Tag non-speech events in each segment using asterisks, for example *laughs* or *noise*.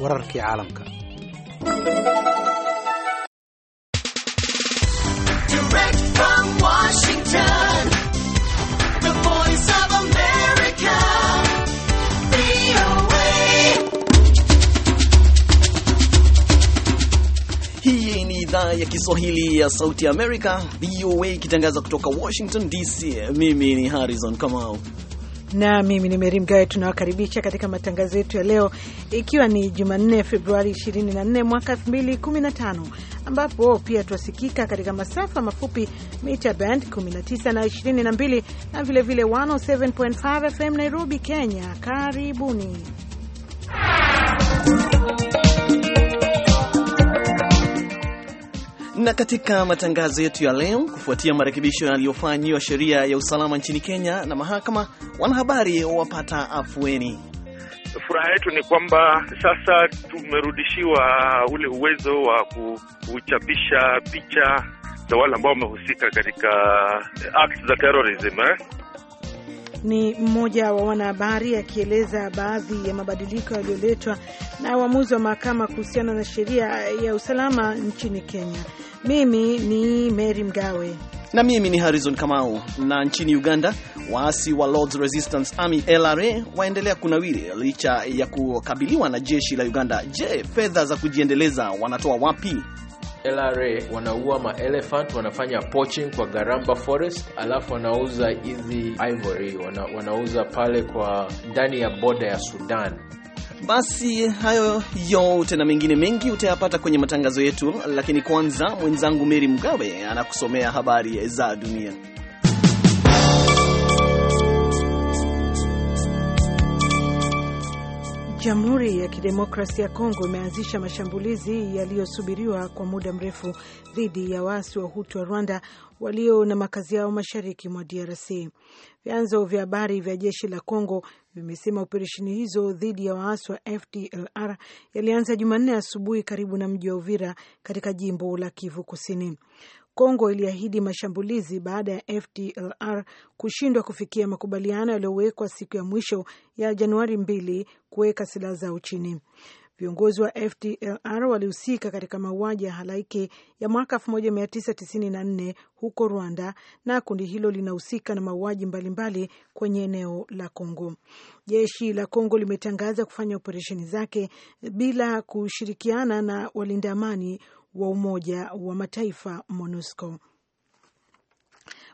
wararkii caalamka Hii ni idhaa ya Kiswahili ya Sauti ya Amerika, VOA, ikitangaza kutoka Washington DC. Mimi ni Harrison Kamau na mimi ni Meri Mgawe. Tunawakaribisha katika matangazo yetu ya leo, ikiwa ni Jumanne Februari 24 mwaka 2015, ambapo pia twasikika katika masafa mafupi mita band 19 na 22 na vilevile 107.5 FM Nairobi, Kenya. Karibuni Na katika matangazo yetu ya leo, kufuatia marekebisho yaliyofanyiwa sheria ya usalama nchini Kenya na mahakama, wanahabari wapata afueni. Furaha yetu ni kwamba sasa tumerudishiwa ule uwezo wa kuchapisha picha za wale ambao wamehusika katika acts za terrorism eh? ni mmoja wa wanahabari akieleza baadhi ya mabadiliko yaliyoletwa na uamuzi wa mahakama kuhusiana na sheria ya usalama nchini Kenya. Mimi ni Mary Mgawe na mimi ni Harrison Kamau. Na nchini Uganda, waasi wa Lords Resistance Army LRA waendelea kunawiri licha ya kukabiliwa na jeshi la Uganda. Je, fedha za kujiendeleza wanatoa wapi? LRA wanaua maelephant, wanafanya poaching kwa Garamba Forest, alafu wanauza hizi ivory wana, wanauza pale kwa ndani ya boda ya Sudan. Basi hayo yote na mengine mengi utayapata kwenye matangazo yetu, lakini kwanza mwenzangu Meri Mgawe anakusomea habari za dunia. Jamhuri ya Kidemokrasia ya Kongo imeanzisha mashambulizi yaliyosubiriwa kwa muda mrefu dhidi ya waasi wa Hutu wa Rwanda walio na makazi yao mashariki mwa DRC. Vyanzo vya habari vya jeshi la Kongo vimesema operesheni hizo dhidi ya waasi wa FDLR yalianza Jumanne asubuhi karibu na mji wa Uvira katika jimbo la Kivu Kusini. Kongo iliahidi mashambulizi baada ya FDLR kushindwa kufikia makubaliano yaliyowekwa siku ya mwisho ya Januari mbili kuweka silaha zao chini. Viongozi wa FDLR walihusika katika mauaji ya halaiki ya mwaka 1994 huko Rwanda, na kundi hilo linahusika na mauaji mbalimbali kwenye eneo la Kongo. Jeshi la Kongo limetangaza kufanya operesheni zake bila kushirikiana na walinda amani wa Umoja wa Mataifa MONUSCO.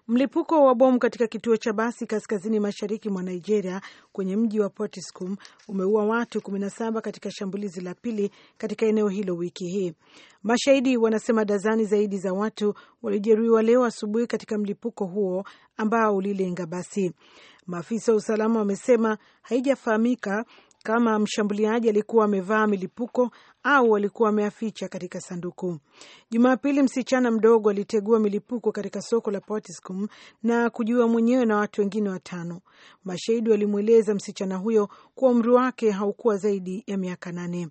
Mlipuko wa bomu katika kituo cha basi kaskazini mashariki mwa Nigeria kwenye mji wa Potiskum umeua watu 17 katika shambulizi la pili katika eneo hilo wiki hii. Mashahidi wanasema dazani zaidi za watu walijeruhiwa leo asubuhi katika mlipuko huo ambao ulilenga basi. Maafisa wa usalama wamesema haijafahamika kama mshambuliaji alikuwa amevaa milipuko au alikuwa ameaficha katika sanduku. Jumapili, msichana mdogo alitegua milipuko katika soko la Potiskum na kujiua mwenyewe na watu wengine watano. Mashahidi walimweleza msichana huyo kuwa umri wake haukuwa zaidi ya miaka nane.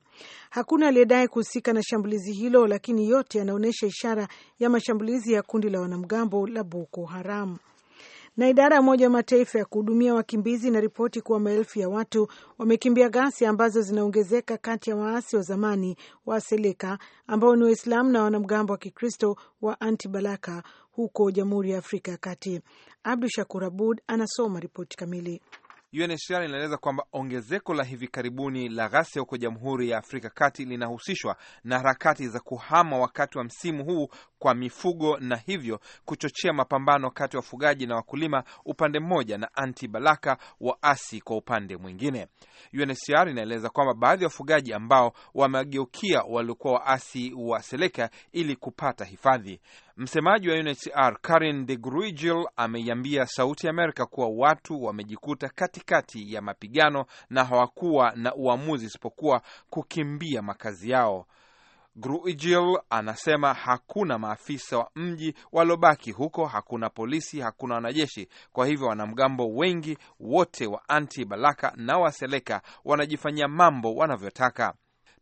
Hakuna aliyedai kuhusika na shambulizi hilo, lakini yote yanaonyesha ishara ya mashambulizi ya kundi la wanamgambo la Boko Haram. Na idara ya Umoja wa Mataifa ya kuhudumia wakimbizi inaripoti kuwa maelfu ya watu wamekimbia ghasia ambazo zinaongezeka kati ya waasi wa zamani wa Seleka ambao ni Waislamu na wanamgambo wa Kikristo wa Antibalaka huko Jamhuri ya Afrika ya Kati. Abdu Shakur Abud anasoma ripoti kamili. UNHCR inaeleza kwamba ongezeko la hivi karibuni la ghasia huko Jamhuri ya Afrika Kati linahusishwa na harakati za kuhama wakati wa msimu huu kwa mifugo na hivyo kuchochea mapambano kati ya wafugaji na wakulima upande mmoja na anti-balaka waasi kwa upande mwingine. UNHCR inaeleza kwamba baadhi ya wafugaji ambao wamegeukia waliokuwa waasi wa Seleka ili kupata hifadhi. Msemaji wa UNHCR Karin de Gruigil ameiambia Sauti Amerika kuwa watu wamejikuta katikati ya mapigano na hawakuwa na uamuzi isipokuwa kukimbia makazi yao. Gruigil anasema hakuna maafisa wa mji waliobaki huko, hakuna polisi, hakuna wanajeshi. Kwa hivyo wanamgambo wengi wote wa Anti Balaka na Waseleka wanajifanyia mambo wanavyotaka.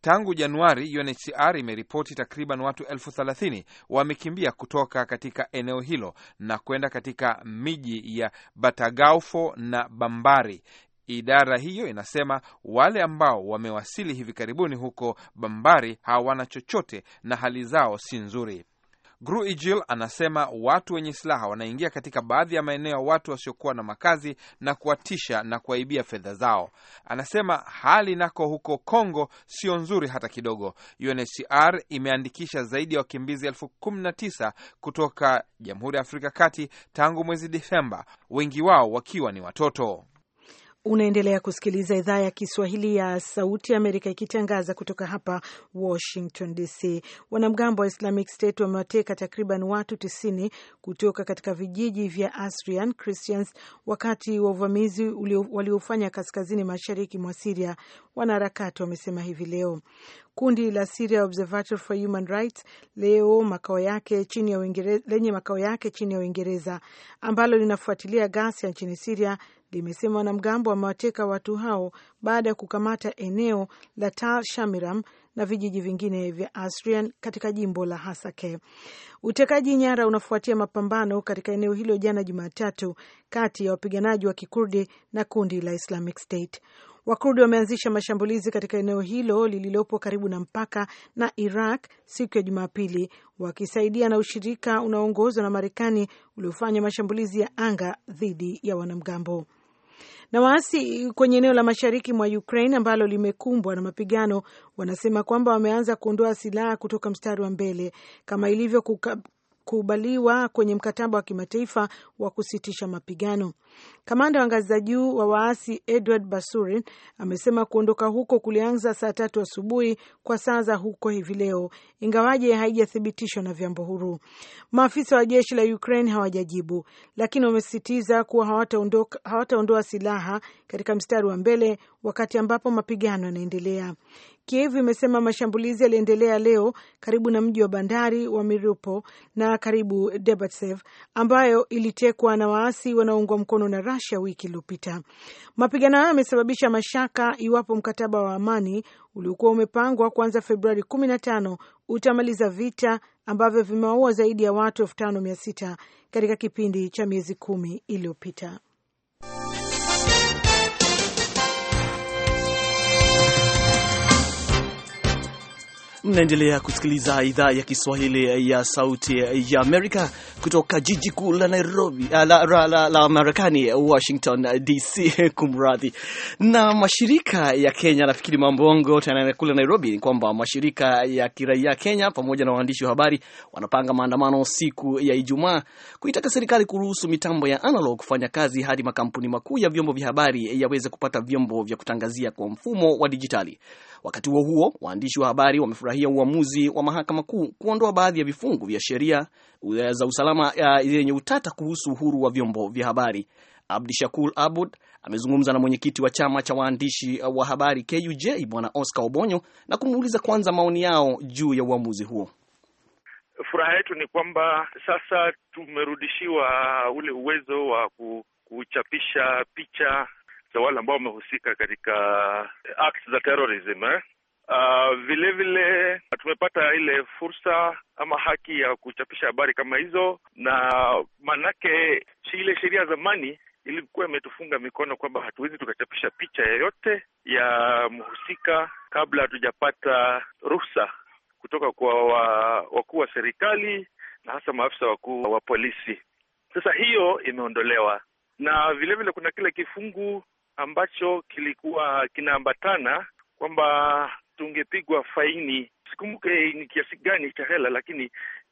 Tangu Januari, UNHCR imeripoti takriban watu elfu thelathini wamekimbia kutoka katika eneo hilo na kwenda katika miji ya Batagaufo na Bambari Idara hiyo inasema wale ambao wamewasili hivi karibuni huko Bambari hawana chochote na hali zao si nzuri. Gruigil anasema watu wenye silaha wanaingia katika baadhi ya maeneo ya watu wasiokuwa na makazi na kuwatisha na kuwaibia fedha zao. Anasema hali nako huko Kongo sio nzuri hata kidogo. UNHCR imeandikisha zaidi ya wakimbizi elfu kumi na tisa kutoka Jamhuri ya Afrika Kati tangu mwezi Desemba, wengi wao wakiwa ni watoto. Unaendelea kusikiliza idhaa ya Kiswahili ya Sauti ya Amerika ikitangaza kutoka hapa Washington DC. Wanamgambo wa Islamic State wamewateka takriban watu tisini kutoka katika vijiji vya Assyrian Christians wakati wa uvamizi waliofanya kaskazini mashariki mwa Siria, wanaharakati wamesema hivi leo. Kundi la Syria Observatory for Human Rights leo makao yake chini ya Uingereza, lenye makao yake chini ya Uingereza ambalo linafuatilia ghasia nchini Siria limesema wanamgambo wamewateka watu hao baada ya kukamata eneo la Tal Shamiram na vijiji vingine vya Asrian katika jimbo la Hasake. Utekaji nyara unafuatia mapambano katika eneo hilo jana Jumatatu kati ya wapiganaji wa Kikurdi na kundi la Islamic State. Wakurdi wameanzisha mashambulizi katika eneo hilo lililopo karibu na mpaka na Iraq siku ya Jumapili, wakisaidia na ushirika unaoongozwa na Marekani uliofanya mashambulizi ya anga dhidi ya wanamgambo. Na waasi kwenye eneo la mashariki mwa Ukraine ambalo limekumbwa na mapigano wanasema kwamba wameanza kuondoa silaha kutoka mstari wa mbele kama ilivyo kubaliwa kwenye mkataba wa kimataifa wa kusitisha mapigano. Kamanda wa ngazi za juu wa waasi Edward Basurin amesema kuondoka huko kulianza saa tatu asubuhi kwa saa za huko hivi leo, ingawaje haijathibitishwa na vyombo huru. Maafisa wa jeshi la Ukraine hawajajibu, lakini wamesisitiza kuwa hawataondoa hawata silaha katika mstari wa mbele wakati ambapo mapigano yanaendelea. Kiev imesema mashambulizi yaliendelea leo karibu na mji wa bandari wa Mirupo na karibu Debatsev ambayo ilitekwa na waasi wanaoungwa mkono na rusia wiki iliyopita. Mapigano hayo yamesababisha mashaka iwapo mkataba wa amani uliokuwa umepangwa kuanza Februari 15 utamaliza vita ambavyo vimewaua zaidi ya watu elfu tano mia sita katika kipindi cha miezi kumi iliyopita. Mnaendelea kusikiliza idhaa ya Kiswahili ya Sauti ya Amerika kutoka jiji kuu la Nairobi, ah, la, la, la, la Marekani, Washington DC. *laughs* Kumradhi. Na mashirika ya Kenya, nafikiri mambo yangu yanaenda kule Nairobi ni kwamba mashirika ya kiraia Kenya pamoja na waandishi wa habari wanapanga maandamano siku ya Ijumaa kuitaka serikali kuruhusu mitambo ya analog kufanya kazi hadi makampuni makuu ya vyombo vya habari yaweze kupata vyombo vya kutangazia kwa mfumo wa dijitali. Wakati huo huo, waandishi wa habari wamefurahia uamuzi wa mahakama kuu kuondoa baadhi ya vifungu vya sheria za usalama yenye utata kuhusu uhuru wa vyombo vya habari. Abdi Shakul Abud amezungumza na mwenyekiti wa chama cha waandishi wa habari KUJ Bwana Oscar Obonyo na kumuuliza kwanza maoni yao juu ya uamuzi huo. Furaha yetu ni kwamba sasa tumerudishiwa ule uwezo wa kuchapisha picha za wale ambao wamehusika katika eh, acts za terrorism eh? Uh, vile vile tumepata ile fursa ama haki ya kuchapisha habari kama hizo, na maanake ile sheria ya zamani ilikuwa imetufunga mikono kwamba hatuwezi tukachapisha picha yoyote ya mhusika kabla hatujapata ruhusa kutoka kwa wakuu wa serikali na hasa maafisa wakuu wa polisi. Sasa hiyo imeondolewa, na vilevile vile kuna kile kifungu ambacho kilikuwa kinaambatana kwamba tungepigwa faini, sikumbuke ni kiasi gani cha hela, lakini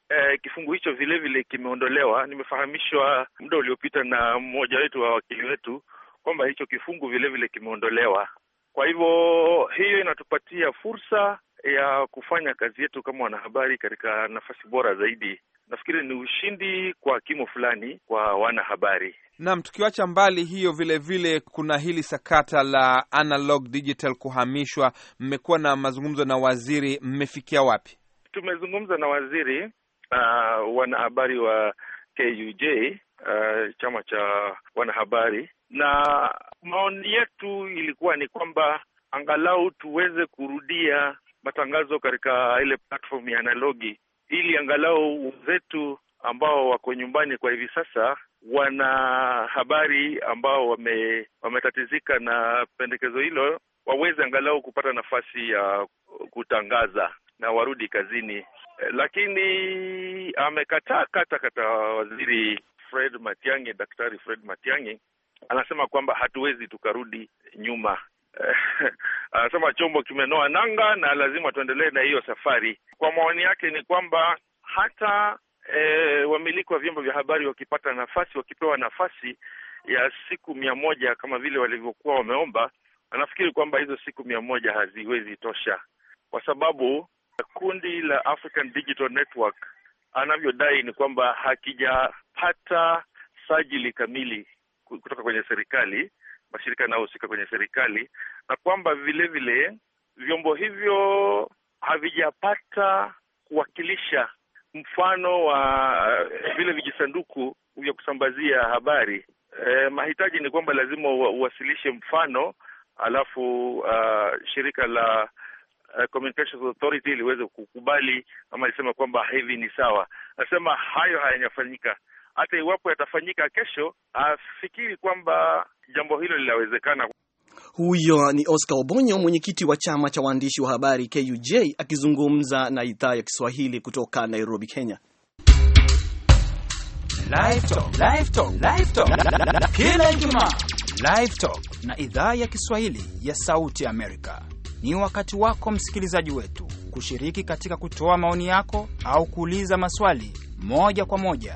eh, kifungu hicho vilevile kimeondolewa. Nimefahamishwa muda uliopita na mmoja wetu wa wakili wetu kwamba hicho kifungu vilevile kimeondolewa. Kwa hivyo hiyo inatupatia fursa ya kufanya kazi yetu kama wanahabari katika nafasi bora zaidi nafikiri ni ushindi kwa kimo fulani kwa wanahabari. Naam, tukiwacha mbali hiyo, vilevile vile kuna hili sakata la analog digital kuhamishwa. Mmekuwa na mazungumzo na waziri, mmefikia wapi? Tumezungumza na waziri uh, wanahabari wa KUJ uh, ah, chama cha wanahabari, na maoni yetu ilikuwa ni kwamba angalau tuweze kurudia matangazo katika ile platform ya analogi ili angalau wenzetu ambao wako nyumbani kwa hivi sasa wana habari ambao wame, wametatizika na pendekezo hilo waweze angalau kupata nafasi ya kutangaza na warudi kazini, eh, lakini amekataa kata kata. Waziri Fred Matiang'i, Daktari Fred Matiang'i anasema kwamba hatuwezi tukarudi nyuma Eh, *laughs* anasema chombo kimenoa nanga na lazima tuendelee na hiyo safari. Kwa maoni yake ni kwamba hata e, wamiliki wa vyombo vya habari wakipata nafasi, wakipewa nafasi ya siku mia moja kama vile walivyokuwa wameomba, anafikiri kwamba hizo siku mia moja haziwezi tosha, kwa sababu kundi la African Digital Network anavyodai ni kwamba hakijapata sajili kamili kutoka kwenye serikali mashirika yanayohusika kwenye serikali, na kwamba vilevile vyombo hivyo havijapata kuwakilisha mfano wa eh, vile vijisanduku vya kusambazia habari. E, mahitaji ni kwamba lazima uwasilishe mfano, alafu uh, shirika la uh, Communications Authority liweze kukubali ama lisema kwamba hivi ni sawa. Nasema hayo hayajafanyika hata iwapo yatafanyika kesho, afikiri kwamba jambo hilo linawezekana. Huyo ni Oscar Obonyo, mwenyekiti wa chama cha waandishi wa habari KUJ, akizungumza na idhaa ya Kiswahili kutoka Nairobi, Kenya. kila Ijumaa. Live Talk na idhaa ya Kiswahili ya Sauti Amerika ni wakati wako msikilizaji wetu kushiriki katika kutoa maoni yako au kuuliza maswali moja kwa moja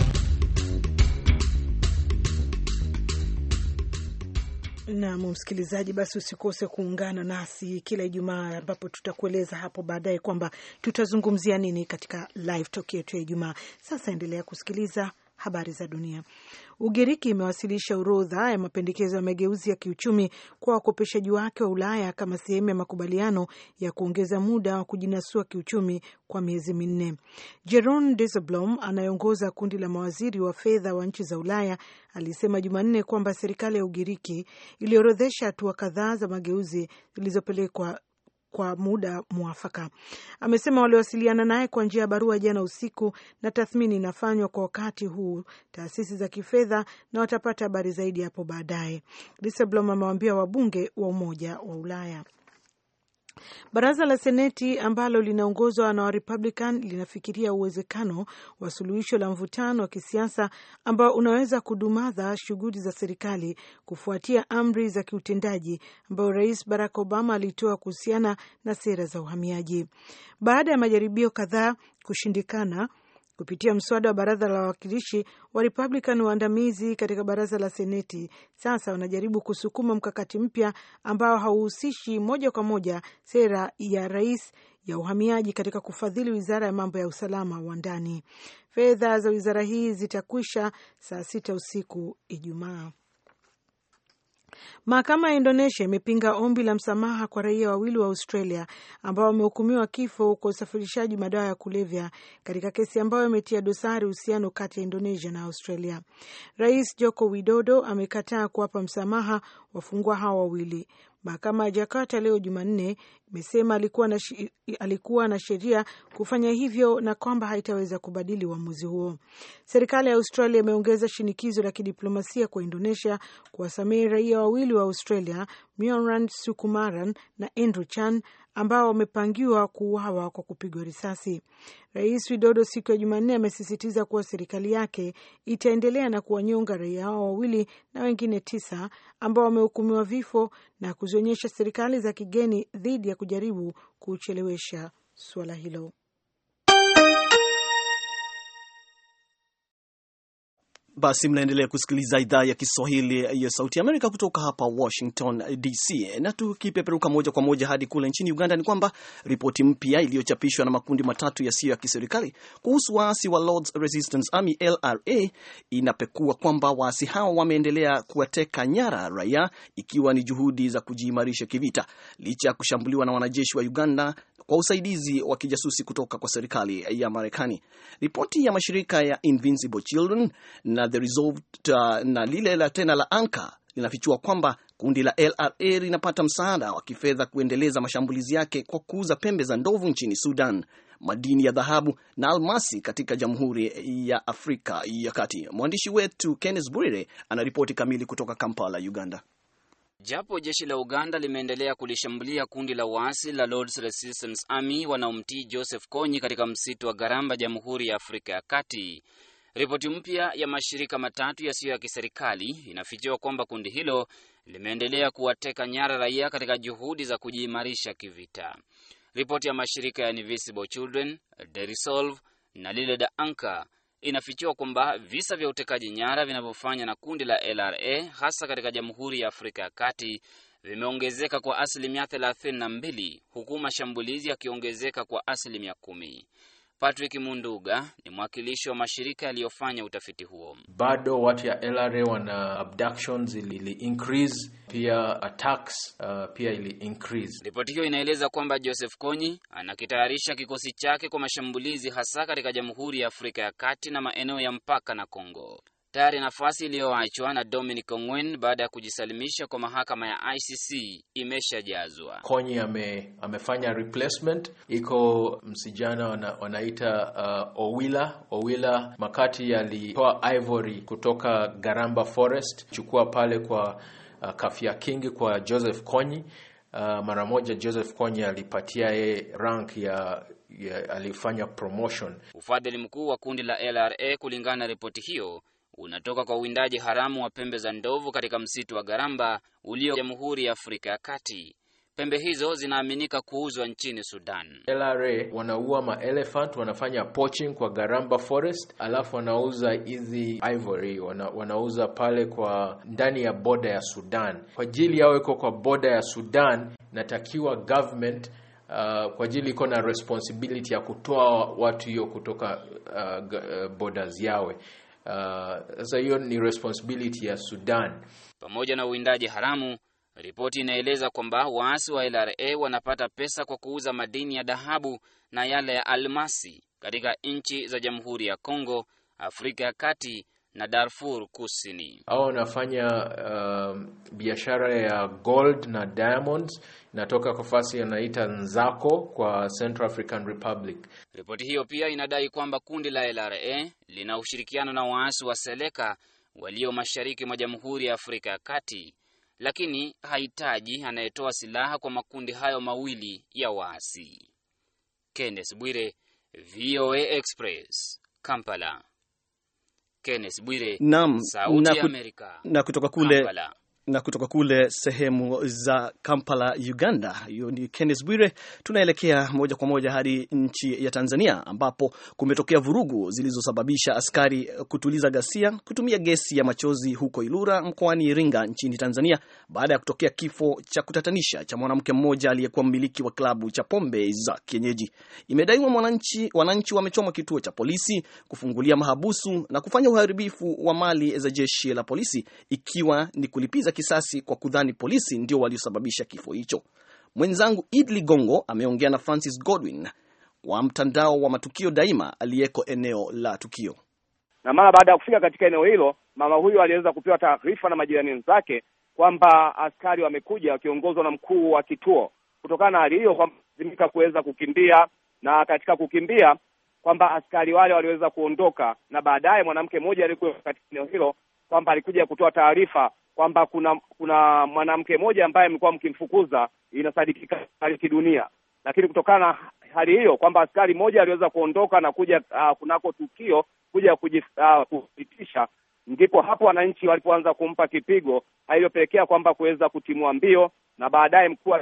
Nam msikilizaji, basi usikose kuungana nasi kila Ijumaa ambapo tutakueleza hapo baadaye kwamba tutazungumzia nini katika live talk yetu ya Ijumaa. Sasa endelea kusikiliza habari za dunia. Ugiriki imewasilisha orodha ya mapendekezo ya mageuzi ya kiuchumi kwa wakopeshaji wake wa Ulaya kama sehemu ya makubaliano ya kuongeza muda wa kujinasua kiuchumi kwa miezi minne. jeron Dijsselbloem anayeongoza kundi la mawaziri wa fedha wa nchi za Ulaya alisema Jumanne kwamba serikali ya Ugiriki iliorodhesha hatua kadhaa za mageuzi zilizopelekwa kwa muda mwafaka. Amesema waliwasiliana naye kwa njia ya barua jana usiku, na tathmini inafanywa kwa wakati huu taasisi za kifedha, na watapata habari zaidi hapo baadaye. Dijsselbloem amewaambia wabunge wa Umoja wa Ulaya. Baraza la Seneti ambalo linaongozwa na Warepublican linafikiria uwezekano wa suluhisho la mvutano wa kisiasa ambao unaweza kudumadha shughuli za serikali kufuatia amri za kiutendaji ambayo Rais Barack Obama alitoa kuhusiana na sera za uhamiaji baada ya majaribio kadhaa kushindikana kupitia mswada wa baraza la wawakilishi wa Republican waandamizi katika baraza la Seneti sasa wanajaribu kusukuma mkakati mpya ambao hauhusishi moja kwa moja sera ya rais ya uhamiaji katika kufadhili wizara ya mambo ya usalama wa ndani. Fedha za wizara hii zitakwisha saa sita usiku Ijumaa. Mahakama ya Indonesia imepinga ombi la msamaha kwa raia wawili wa Australia ambao wamehukumiwa kifo kwa usafirishaji madawa ya kulevya katika kesi ambayo imetia dosari uhusiano kati ya Indonesia na Australia. Rais Joko Widodo amekataa kuwapa msamaha wafungwa hao wawili. Mahakama ya Jakarta leo Jumanne amesema alikuwa na, alikuwa na sheria kufanya hivyo na kwamba haitaweza kubadili uamuzi huo. Serikali ya Australia imeongeza shinikizo la kidiplomasia kwa Indonesia kuwasamehe raia wawili wa Australia, Myonran Sukumaran na Andrew Chan ambao wamepangiwa kuuawa kwa kupigwa risasi. Rais Widodo siku ya Jumanne amesisitiza kuwa serikali yake itaendelea na kuwanyonga raia hao wawili na wengine tisa ambao wamehukumiwa vifo na kuzionyesha serikali za kigeni dhidi ya kujaribu kuchelewesha suala hilo. Basi mnaendelea kusikiliza idhaa ya Kiswahili ya Sauti ya Amerika kutoka hapa Washington DC, na tukipeperuka moja kwa moja hadi kule nchini Uganda ni kwamba ripoti mpya iliyochapishwa na makundi matatu yasiyo ya kiserikali kuhusu waasi wa Lords Resistance Army LRA inapekua kwamba waasi hao wameendelea kuwateka nyara raia, ikiwa ni juhudi za kujiimarisha kivita licha ya kushambuliwa na wanajeshi wa Uganda kwa usaidizi wa kijasusi kutoka kwa serikali ya Marekani. Ripoti ya mashirika ya Invincible Children na na The Resolved uh, na lile la tena la Anka linafichua kwamba kundi la LRA linapata msaada wa kifedha kuendeleza mashambulizi yake kwa kuuza pembe za ndovu nchini Sudan, madini ya dhahabu na almasi katika Jamhuri ya Afrika ya Kati. Mwandishi wetu Kenneth ana anaripoti kamili kutoka Kampala, Uganda. Japo jeshi la Uganda limeendelea kulishambulia kundi la waasi la Lords Resistance Army wanaomtii Joseph Kony katika msitu wa Garamba, Jamhuri ya Afrika ya Kati, Ripoti mpya ya mashirika matatu yasiyo ya kiserikali inafichua kwamba kundi hilo limeendelea kuwateka nyara raia katika juhudi za kujiimarisha kivita. Ripoti ya mashirika ya Invisible Children, Resolve na lile da Anka inafichua kwamba visa vya utekaji nyara vinavyofanywa na kundi la LRA hasa katika Jamhuri ya Afrika ya Kati vimeongezeka kwa asilimia 32 huku mashambulizi yakiongezeka kwa asilimia kumi. Patrick Munduga ni mwakilishi wa mashirika yaliyofanya utafiti huo. Bado watu ya LRA wana abductions ili increase, pia attacks uh, pia ili increase. Ripoti hiyo inaeleza kwamba Joseph Kony anakitayarisha kikosi chake kwa mashambulizi hasa katika Jamhuri ya Afrika ya Kati na maeneo ya mpaka na Kongo. Tayari nafasi iliyoachwa na Dominic Ongwen baada ya kujisalimisha kwa mahakama ya ICC imeshajazwa. Konyi ame, amefanya replacement, iko msijana wana, wanaita uh, Owila Owila Makati alitoa Ivory kutoka Garamba Forest, chukua pale kwa uh, Kafia King kwa Joseph Konyi. Uh, mara moja Joseph Konyi alipatia yeye rank ya ya alifanya promotion. Ufadhili mkuu wa kundi la LRA kulingana na ripoti hiyo unatoka kwa uwindaji haramu wa pembe za ndovu katika msitu wa Garamba ulio Jamhuri ya Afrika ya Kati. Pembe hizo zinaaminika kuuzwa nchini Sudan. LRA wanaua maelefant wanafanya poaching kwa Garamba Forest, alafu wanauza hizi ivory wana, wanauza pale kwa ndani ya boda ya Sudan kwa ajili yao, iko kwa boda ya Sudan. Natakiwa government uh, kwa ajili iko na responsibility ya kutoa watu hiyo kutoka uh, uh borders yawe Uh, sasa uh, hiyo ni responsibility ya Sudan. Pamoja na uwindaji haramu, ripoti inaeleza kwamba waasi wa LRA wanapata pesa kwa kuuza madini ya dhahabu na yale ya almasi katika nchi za Jamhuri ya Kongo, Afrika ya Kati na Darfur Kusini. Hao wanafanya uh, biashara ya gold na diamonds inatoka fasi yanaita Nzako kwa Central African Republic. Ripoti hiyo pia inadai kwamba kundi la LRA lina ushirikiano na waasi wa Seleka walio mashariki mwa Jamhuri ya Afrika ya Kati, lakini hahitaji anayetoa silaha kwa makundi hayo mawili ya waasi. Kenneth Bwire, VOA Express, Kampala. Kenneth Bwire, Sauti ya Amerika, na kutoka kule Kampala na kutoka kule sehemu za Kampala, Uganda. Hiyo ni Kenneth Bwire. Tunaelekea moja kwa moja hadi nchi ya Tanzania ambapo kumetokea vurugu zilizosababisha askari kutuliza ghasia kutumia gesi ya machozi huko Ilura mkoani Iringa nchini Tanzania baada ya kutokea kifo cha kutatanisha cha mwanamke mmoja aliyekuwa mmiliki wa klabu cha pombe za kienyeji. Imedaiwa wananchi wamechoma kituo cha polisi, kufungulia mahabusu na kufanya uharibifu wa mali za jeshi la polisi ikiwa ni kulipiza kulipiza kisasi kwa kudhani polisi ndio waliosababisha kifo hicho. Mwenzangu Idli Gongo ameongea na Francis Godwin wa mtandao wa Matukio Daima aliyeko eneo la tukio. Na mara baada ya kufika katika eneo hilo, mama huyu aliweza kupewa taarifa na majirani zake kwamba askari wamekuja wakiongozwa na mkuu wa kituo. Kutokana na hali hiyo, kwalazimika kuweza kukimbia, na katika kukimbia kwamba askari wale waliweza kuondoka, na baadaye mwanamke mmoja alikuwa katika eneo hilo kwamba alikuja kutoa taarifa kwamba kuna kuna mwanamke mmoja ambaye amekuwa mkimfukuza, inasadikika alifariki dunia, lakini kutokana na hali hiyo kwamba askari mmoja aliweza kuondoka na kuja uh, kunako tukio kuja kujipitisha ah, uh, ndipo hapo wananchi walipoanza kumpa kipigo, haiyopelekea kwamba kuweza kutimua mbio na baadaye mkuu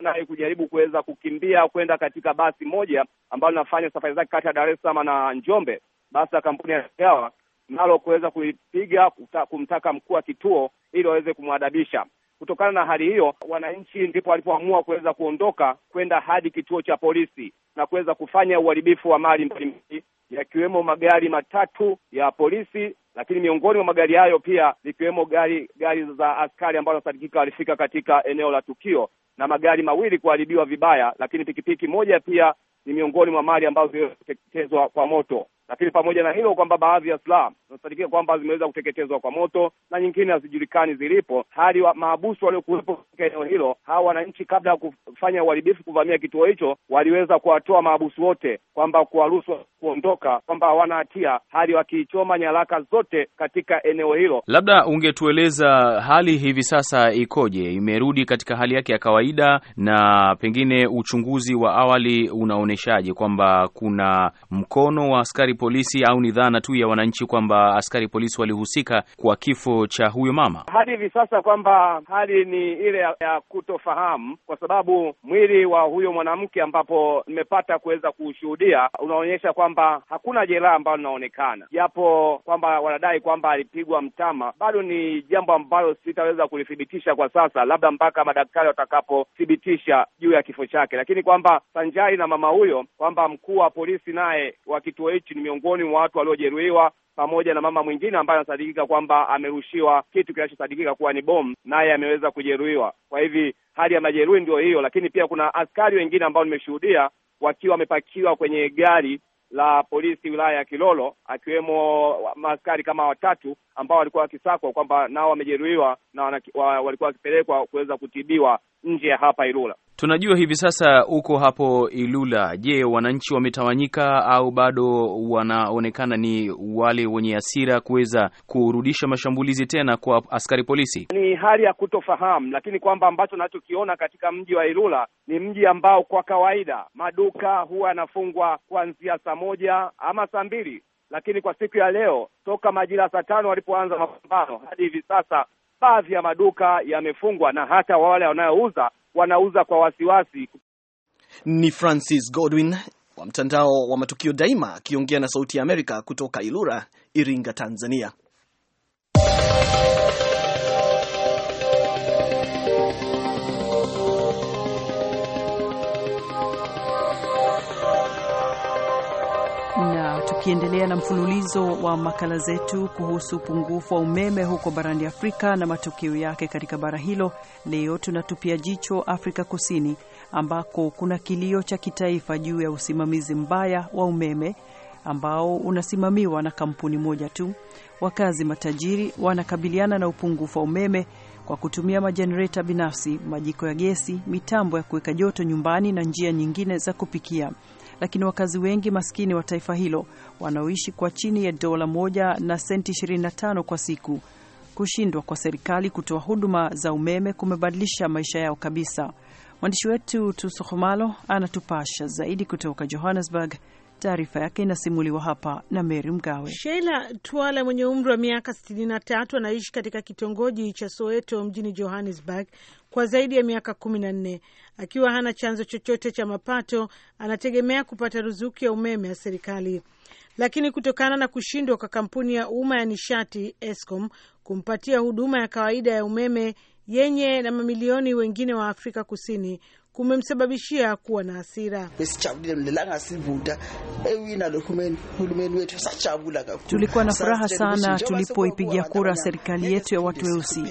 naye kujaribu kuweza kukimbia kwenda katika basi moja ambalo linafanya safari zake kati ya Dar es Salaam na Njombe, basi la kampuni ya Gawa nalo kuweza kuipiga kumtaka mkuu wa kituo ili waweze kumwadabisha. Kutokana na hali hiyo, wananchi ndipo walipoamua kuweza kuondoka kwenda hadi kituo cha polisi na kuweza kufanya uharibifu wa mali mbalimbali yakiwemo magari matatu ya polisi, lakini miongoni mwa magari hayo pia likiwemo gari gari za askari ambalo sadikika walifika katika eneo la tukio na magari mawili kuharibiwa vibaya, lakini pikipiki moja pia ni miongoni mwa mali ambazo zimeteketezwa kwa moto. Lakini pamoja na hilo kwamba baadhi ya silaha zinasadikia kwamba zimeweza kuteketezwa kwa moto na nyingine hazijulikani zilipo, hali wa maabusu waliokuwepo katika eneo hilo. Hawa wananchi kabla ya kufanya uharibifu, kuvamia kituo hicho, waliweza kuwatoa maabusu wote, kwamba kuwaruhusu kuondoka, kwamba hawana hatia, hali wakiichoma nyaraka zote katika eneo hilo. Labda ungetueleza hali hivi sasa ikoje? Imerudi katika hali yake ya kawaida, na pengine uchunguzi wa awali unaonyeshaje kwamba kuna mkono wa askari polisi au ni dhana tu ya wananchi kwamba askari polisi walihusika kwa kifo cha huyo mama? Hadi hivi sasa kwamba hali ni ile ya kutofahamu, kwa sababu mwili wa huyo mwanamke ambapo nimepata kuweza kuushuhudia unaonyesha kwamba hakuna jeraha ambalo linaonekana, japo kwamba wanadai kwamba alipigwa mtama. Bado ni jambo ambalo sitaweza kulithibitisha kwa sasa, labda mpaka madaktari watakapothibitisha juu ya kifo chake, lakini kwamba sanjari na mama huyo, kwamba mkuu wa polisi naye wa kituo hichi miongoni mwa watu waliojeruhiwa pamoja na mama mwingine ambaye anasadikika kwamba amerushiwa kitu kinachosadikika kuwa ni bomu, naye ameweza kujeruhiwa. Kwa hivi hali ya majeruhi ndio hiyo, lakini pia kuna askari wengine ambao nimeshuhudia wakiwa wamepakiwa kwenye gari la polisi wilaya ya Kilolo, akiwemo maaskari kama watatu ambao walikuwa wakisakwa kwamba nao wamejeruhiwa na walikuwa wakipelekwa kuweza kutibiwa nje ya hapa Ilula. Tunajua hivi sasa uko hapo Ilula. Je, wananchi wametawanyika au bado wanaonekana ni wale wenye hasira kuweza kurudisha mashambulizi tena kwa askari polisi? Ni hali ya kutofahamu, lakini kwamba ambacho nachokiona katika mji wa Ilula ni mji ambao kwa kawaida maduka huwa yanafungwa kuanzia saa moja ama saa mbili, lakini kwa siku ya leo toka majira saa tano walipoanza mapambano hadi hivi sasa baadhi ya maduka yamefungwa na hata wale wanayouza wanauza kwa wasiwasi. Ni Francis Godwin wa mtandao wa Matukio Daima akiongea na Sauti ya Amerika kutoka Ilura, Iringa, Tanzania. Tukiendelea na mfululizo wa makala zetu kuhusu upungufu wa umeme huko barani Afrika na matokeo yake katika bara hilo, leo tunatupia jicho Afrika Kusini ambako kuna kilio cha kitaifa juu ya usimamizi mbaya wa umeme ambao unasimamiwa na kampuni moja tu. Wakazi matajiri wanakabiliana na upungufu wa umeme kwa kutumia majenereta binafsi, majiko ya gesi, mitambo ya kuweka joto nyumbani na njia nyingine za kupikia lakini wakazi wengi maskini wa taifa hilo wanaoishi kwa chini ya dola moja na senti 25 kwa siku. Kushindwa kwa serikali kutoa huduma za umeme kumebadilisha maisha yao kabisa. Mwandishi wetu Tusohumalo anatupasha zaidi kutoka Johannesburg. Taarifa yake inasimuliwa hapa na Meri Mgawe. Sheila Twala mwenye umri wa miaka 63 anaishi katika kitongoji cha Soweto mjini Johannesburg kwa zaidi ya miaka na nne akiwa hana chanzo chochote cha mapato, anategemea kupata ruzuku ya umeme ya serikali. Lakini kutokana na kushindwa kwa kampuni ya umma ya nishati Eskom kumpatia huduma ya kawaida ya umeme yenye na mamilioni wengine wa Afrika Kusini kumemsababishia kuwa na hasira. Tulikuwa na furaha sana tulipoipigia kura serikali yetu ya watu weusi,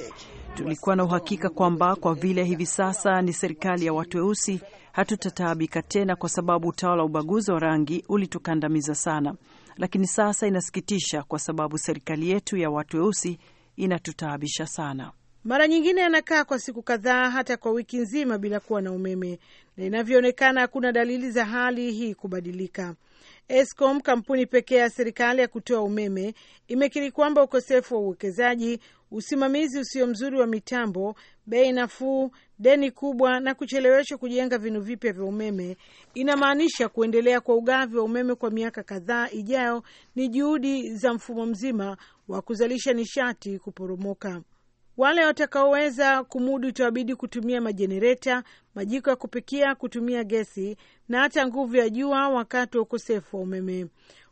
Tulikuwa na uhakika kwamba kwa vile hivi sasa ni serikali ya watu weusi, hatutataabika tena, kwa sababu utawala wa ubaguzi wa rangi ulitukandamiza sana. Lakini sasa inasikitisha, kwa sababu serikali yetu ya watu weusi inatutaabisha sana. Mara nyingine anakaa kwa siku kadhaa, hata kwa wiki nzima bila kuwa na umeme, na inavyoonekana hakuna dalili za hali hii kubadilika. Eskom, kampuni pekee ya serikali ya kutoa umeme, imekiri kwamba ukosefu wa uwekezaji usimamizi usio mzuri wa mitambo, bei nafuu, deni kubwa na kucheleweshwa kujenga vinu vipya vya umeme, inamaanisha kuendelea kwa ugavi wa umeme kwa miaka kadhaa ijayo ni juhudi za mfumo mzima wa kuzalisha nishati kuporomoka. Wale watakaoweza kumudu itawabidi kutumia majenereta, majiko ya kupikia kutumia gesi na hata nguvu ya jua wakati wa ukosefu wa umeme.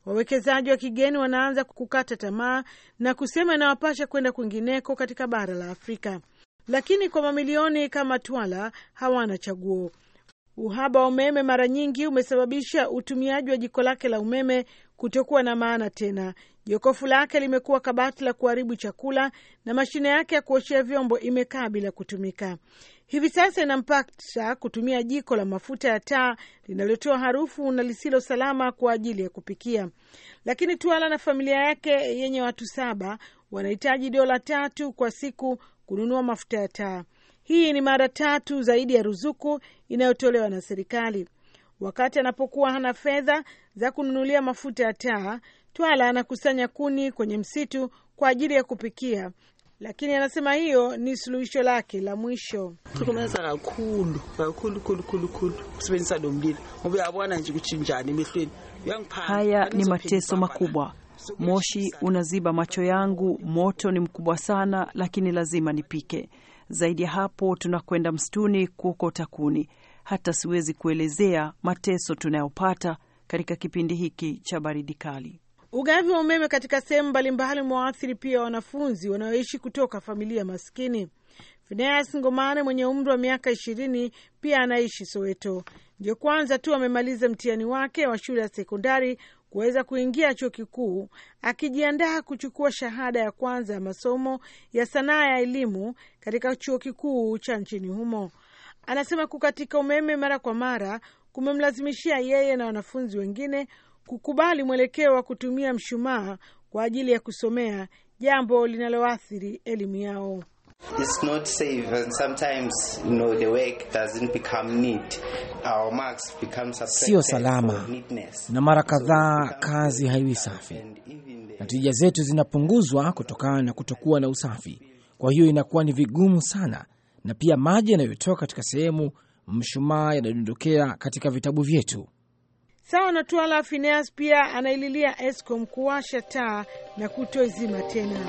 Wawekezaji wa kigeni wanaanza kukata tamaa na kusema inawapasha kwenda kwingineko katika bara la Afrika, lakini kwa mamilioni kama Twala hawana chaguo. Uhaba wa umeme mara nyingi umesababisha utumiaji wa jiko lake la umeme kutokuwa na maana tena. Jokofu lake limekuwa kabati la kuharibu chakula na mashine yake ya kuoshea vyombo imekaa bila kutumika. Hivi sasa inampasa kutumia jiko la mafuta ya taa linalotoa harufu na lisilo salama kwa ajili ya kupikia. Lakini Tuala na familia yake yenye watu saba wanahitaji dola tatu kwa siku kununua mafuta ya taa. Hii ni mara tatu zaidi ya ruzuku inayotolewa na serikali. Wakati anapokuwa hana fedha za kununulia mafuta ya taa, Twala anakusanya kuni kwenye msitu kwa ajili ya kupikia lakini anasema hiyo ni suluhisho lake la mwisho. tukumeza kakhulu kakhulu khulu khulu kusebenzisa lo ngoba uyabona nje kuthinjani emehlweni haya ni mateso makubwa. Moshi unaziba macho yangu, moto ni mkubwa sana, lakini lazima nipike. Zaidi ya hapo, tunakwenda msituni kuokota kuni. Hata siwezi kuelezea mateso tunayopata katika kipindi hiki cha baridi kali. Ugavi wa umeme katika sehemu mbalimbali umewaathiri pia wanafunzi wanaoishi kutoka familia maskini. Fineas Ngomane mwenye umri wa miaka ishirini pia anaishi Soweto. Ndio kwanza tu amemaliza mtihani wake wa shule ya sekondari kuweza kuingia chuo kikuu, akijiandaa kuchukua shahada ya kwanza ya masomo ya sanaa ya elimu katika chuo kikuu cha nchini humo. Anasema kukatika umeme mara kwa mara kumemlazimishia yeye na wanafunzi wengine kukubali mwelekeo wa kutumia mshumaa kwa ajili ya kusomea, jambo linaloathiri elimu yao. Sio salama, na mara kadhaa kazi haiwi safi na tija zetu zinapunguzwa kutokana na kutokuwa na usafi. Kwa hiyo inakuwa ni vigumu sana, na pia maji yanayotoka katika sehemu mshumaa yanadondokea katika vitabu vyetu. Sawa na Twala, Fineas pia anaililia escom kuwasha taa na kutoizima tena.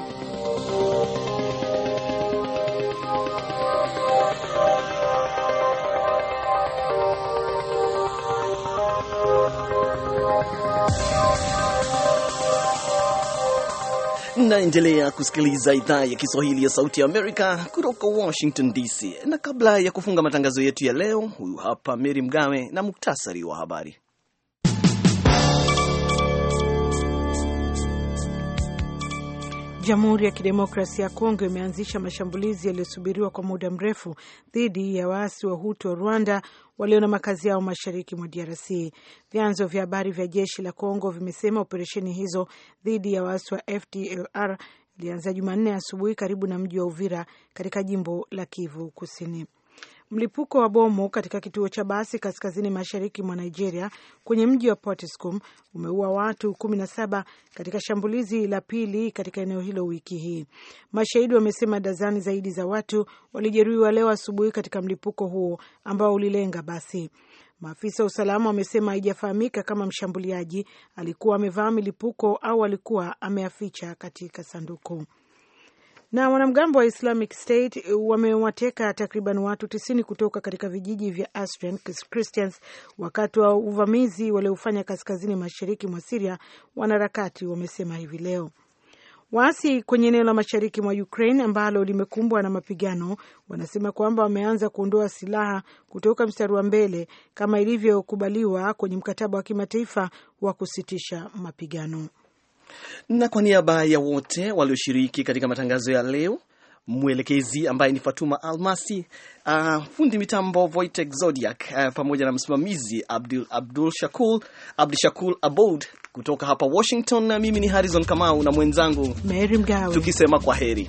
Naendelea kusikiliza idhaa ya Kiswahili ya Sauti ya Amerika kutoka Washington DC, na kabla ya kufunga matangazo yetu ya leo, huyu hapa Meri Mgawe na muktasari wa habari. Jamhuri ya Kidemokrasia ya Kongo imeanzisha mashambulizi yaliyosubiriwa kwa muda mrefu dhidi ya waasi wa Hutu wa Rwanda walio na makazi yao mashariki mwa DRC. Vyanzo vya habari vya jeshi la Kongo vimesema operesheni hizo dhidi ya waasi wa FDLR ilianza Jumanne asubuhi karibu na mji wa Uvira katika jimbo la Kivu Kusini. Mlipuko wa bomu katika kituo cha basi kaskazini mashariki mwa Nigeria kwenye mji wa Potiskum umeua watu kumi na saba katika shambulizi la pili katika eneo hilo wiki hii. Mashahidi wamesema dazani zaidi za watu walijeruhiwa leo asubuhi katika mlipuko huo ambao ulilenga basi. Maafisa wa usalama wamesema haijafahamika kama mshambuliaji alikuwa amevaa milipuko au alikuwa ameaficha katika sanduku. Na wanamgambo wa Islamic State eh, wamewateka takriban watu tisini kutoka katika vijiji vya Assyrian Christians wakati wa uvamizi waliofanya kaskazini mashariki mwa Siria, wanaharakati wamesema hivi leo. Waasi kwenye eneo la mashariki mwa Ukraine ambalo limekumbwa na mapigano wanasema kwamba wameanza kuondoa silaha kutoka mstari wa mbele kama ilivyokubaliwa kwenye mkataba wa kimataifa wa kusitisha mapigano. Na kwa niaba ya wote walioshiriki katika matangazo ya leo, mwelekezi ambaye ni Fatuma Almasi, uh, fundi mitambo Voitek Zodiac, uh, pamoja na msimamizi Abdul, Abdul Shakul, Abdul Shakul Abod kutoka hapa Washington, na mimi ni Harrison Kamau na mwenzangu Mary Mgawe tukisema kwa heri.